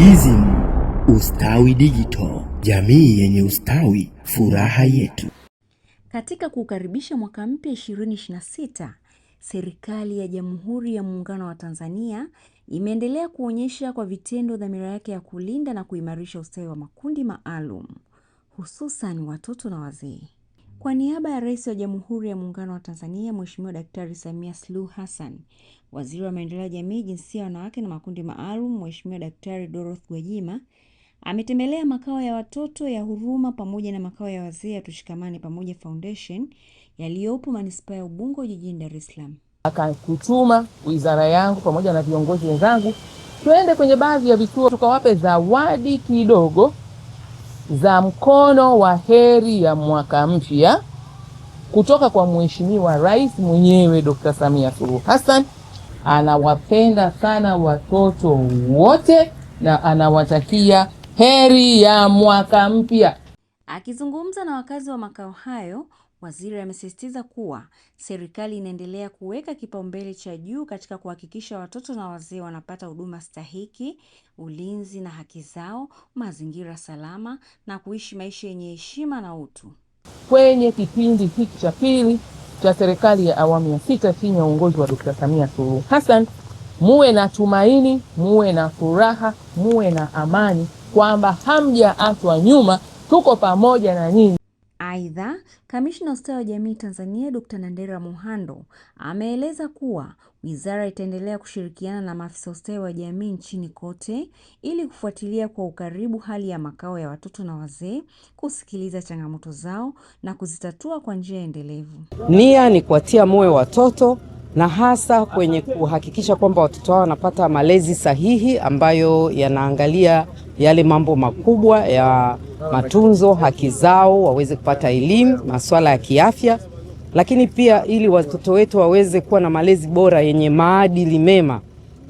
Dizim, ustawi digital, jamii yenye ustawi, furaha yetu. Katika kuukaribisha mwaka mpya 2026, serikali ya Jamhuri ya Muungano wa Tanzania imeendelea kuonyesha kwa vitendo dhamira yake ya kulinda na kuimarisha ustawi wa makundi maalum, hususan watoto na wazee. Kwa niaba ya Rais wa Jamhuri ya Muungano wa Tanzania, Mheshimiwa Daktari Samia Suluhu Hassan, Waziri wa Maendeleo ya Jamii, Jinsia, Wanawake na Makundi Maalum, Mheshimiwa Daktari Dorothy Gwajima ametembelea makao ya watoto ya Huruma pamoja na makao ya wazee ya Tushikamane Pamoja Foundation yaliyopo manispaa ya Ubungo jijini Dar es Salaam. Akakutuma wizara yangu pamoja na viongozi wenzangu twende kwenye baadhi ya vituo tukawape zawadi kidogo za mkono wa heri ya mwaka mpya kutoka kwa Mheshimiwa Rais mwenyewe Dr. Samia Suluhu Hassan. Anawapenda sana watoto wote na anawatakia heri ya mwaka mpya. Akizungumza na wakazi wa makao hayo Waziri amesisitiza kuwa serikali inaendelea kuweka kipaumbele cha juu katika kuhakikisha watoto na wazee wanapata huduma stahiki, ulinzi na haki zao, mazingira salama na kuishi maisha yenye heshima na utu. Kwenye kipindi hiki cha pili cha serikali ya awamu ya sita chini ya uongozi wa Dkt. Samia Suluhu Hassan, muwe na tumaini, muwe na furaha, muwe na amani kwamba hamjaachwa nyuma, tuko pamoja na nyinyi. Aidha, kamishna ustawi wa jamii Tanzania Dkt. Nandera Muhando ameeleza kuwa wizara itaendelea kushirikiana na maafisa ustawi wa jamii nchini kote ili kufuatilia kwa ukaribu hali ya makao ya watoto na wazee, kusikiliza changamoto zao na kuzitatua kwa njia endelevu. Nia ni kuwatia moyo watoto na hasa kwenye kuhakikisha kwamba watoto hao wanapata malezi sahihi ambayo yanaangalia yale mambo makubwa ya matunzo, haki zao, waweze kupata elimu, masuala ya kiafya, lakini pia ili watoto wetu waweze kuwa na malezi bora yenye maadili mema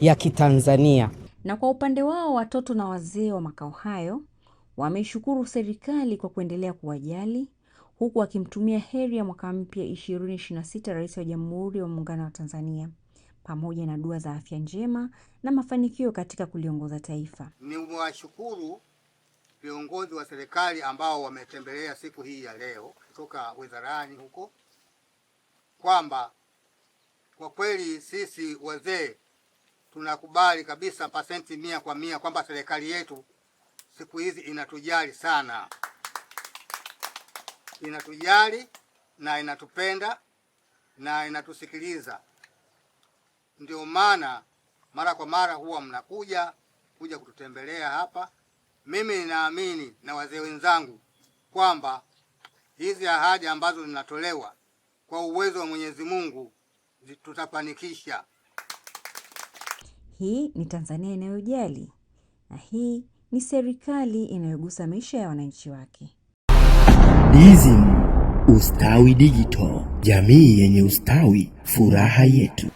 ya Kitanzania. Na kwa upande wao watoto na wazee wa makao hayo wameshukuru serikali kwa kuendelea kuwajali huku akimtumia heri ya mwaka mpya 2026 Rais wa Jamhuri ya Muungano wa Tanzania pamoja na dua za afya njema na mafanikio katika kuliongoza taifa. ni washukuru viongozi wa serikali ambao wametembelea siku hii ya leo kutoka wizarani huko, kwamba kwa kweli sisi wazee tunakubali kabisa pasenti mia kwa mia kwamba serikali yetu siku hizi inatujali sana, inatujali na inatupenda na inatusikiliza. Ndio maana mara kwa mara huwa mnakuja kuja kututembelea hapa. Mimi ninaamini na wazee wenzangu kwamba hizi ahadi ambazo zinatolewa kwa uwezo wa Mwenyezi Mungu tutafanikisha. Hii ni Tanzania inayojali na hii ni serikali inayogusa maisha ya wananchi wake. Hizi Ustawi Digital, jamii yenye ustawi, furaha yetu.